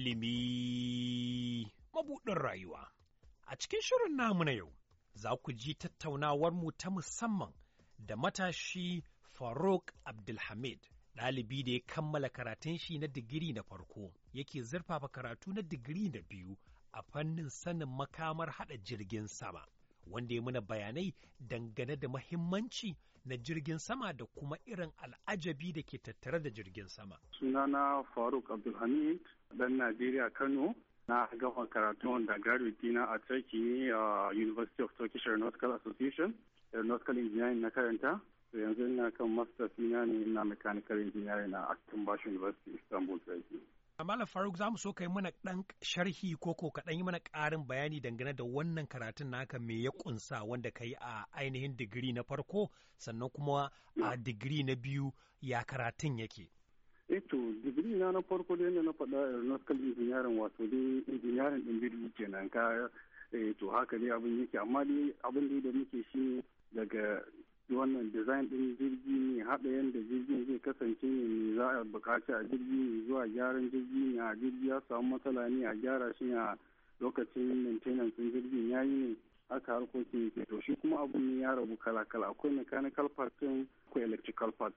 ilimi mabuɗin rayuwa. A cikin shirin namu na yau, za ku ji tattaunawarmu ta musamman da matashi Faruk Abdulhamid, ɗalibi da ya kammala karatun shi na digiri na farko, yake zurfafa karatu na digiri na biyu a fannin sanin makamar haɗa jirgin sama. Wanda ya muna bayanai dangane da mahimmanci na jirgin sama da kuma irin al'ajabi da ke tattare da jirgin sama. Sunana Faruk Abdulhamid, dan Najeriya Kano na gama karatun undergraduate dina a Turkey a University of Turkish Aeronautical Association Aeronautical Engineering na karanta yanzu ina kan masters ina ne ina mechanical engineering a Bash University Istanbul Turkey Malam Faruk zamu mu so kai mana ɗan sharhi ko ko ɗan yi mana ƙarin bayani dangane da wannan karatun naka me ya ƙunsa wanda ka a ainihin digiri na farko sannan kuma a digiri na biyu ya karatun yake. eto digiri na na farko da yadda na faɗa aeronautical engineering wato dai engineering ɗin birni kenan ka eh, to haka ne abin yake amma dai abin da muke shi daga wannan design din jirgi ne haɗa yadda jirgin zai kasance ne me za a buƙaci a jirgi ne zuwa gyaran jirgi ne a jirgi ya samu matsala ne a gyara shi a lokacin maintenance jirgin ya yi ne haka harkokin ke to shi kuma abin ne ya rabu kala-kala akwai mechanical part akwai electrical part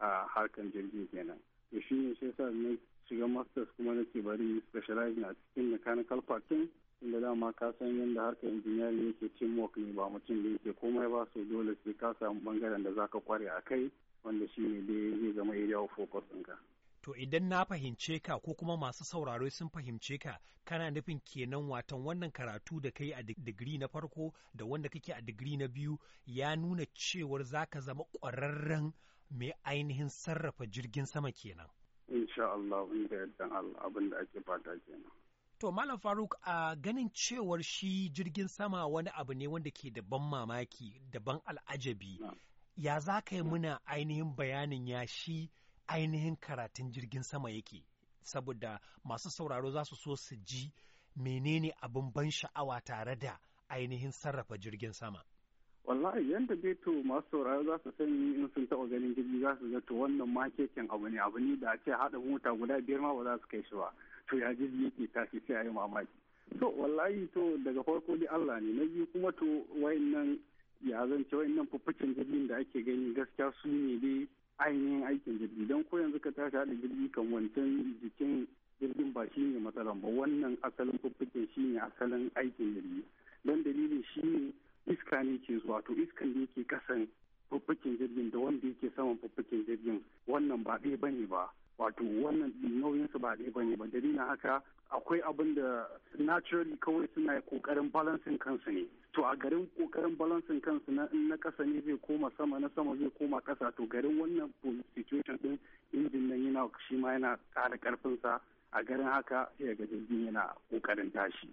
a harkan jirgin kenan to shi ne sai sa na shiga masters kuma na bari specializing a cikin mechanical parting inda dama ka san yadda harka engineering yake work ne ba mutum da yake komai ba so dole sai ka samu bangaren da zaka kware a kai wanda shi ne dai zai zama area of focus ɗinka. To idan na fahimce ka ko kuma masu sauraro sun fahimce ka kana nufin kenan watan wannan karatu da kai a digiri na farko da wanda kake a digiri na biyu ya nuna cewar zaka zama ƙwararren Me ainihin sarrafa jirgin sama kenan. Insha Allah inda yadda abin da ake fata kenan. To Malam Faruk a ganin cewar shi jirgin sama wani abu ne wanda ke da ban mamaki da ban al'ajabi. Ya za ka yi muna ainihin bayanin ya shi ainihin karatun jirgin sama yake saboda masu sauraro za su so su ji menene abin ban sha'awa tare da ainihin sarrafa jirgin sama. wallahi yanda dai to masu sauraro za su sani in sun taɓa ganin jirgi za su ga to wannan makekin abu ne abu ne da a ce haɗa mota guda biyar ma ba za su kai shi ba to ya jirgi yake tashi sai a yi mamaki to wallahi to daga farko dai Allah ne na biyu kuma to wayannan ya zance wayannan fuffucin jirgin da ake gani gaskiya su ne dai ainihin aikin jirgi don ko yanzu ka tashi haɗa jirgi kan wancan jikin jirgin ba shi ne matsalan ba wannan asalin fuffukin shi ne asalin aikin jirgi don dalilin shi ne iska ne ke zuwa to iskan da yake kasan fuffukin jirgin da wanda yake saman fuffukin jirgin wannan ba ɗaya bane ba wato wannan nauyinsu ba ɗaya bane ba dalilin haka akwai abin da naturally kawai suna kokarin balansin kansu ne to a garin kokarin balansin kansu na kasa ne zai koma sama na sama zai koma kasa to garin wannan situation din injin nan yana shi ma yana ƙara karfin sa a garin haka sai ga jirgin yana kokarin tashi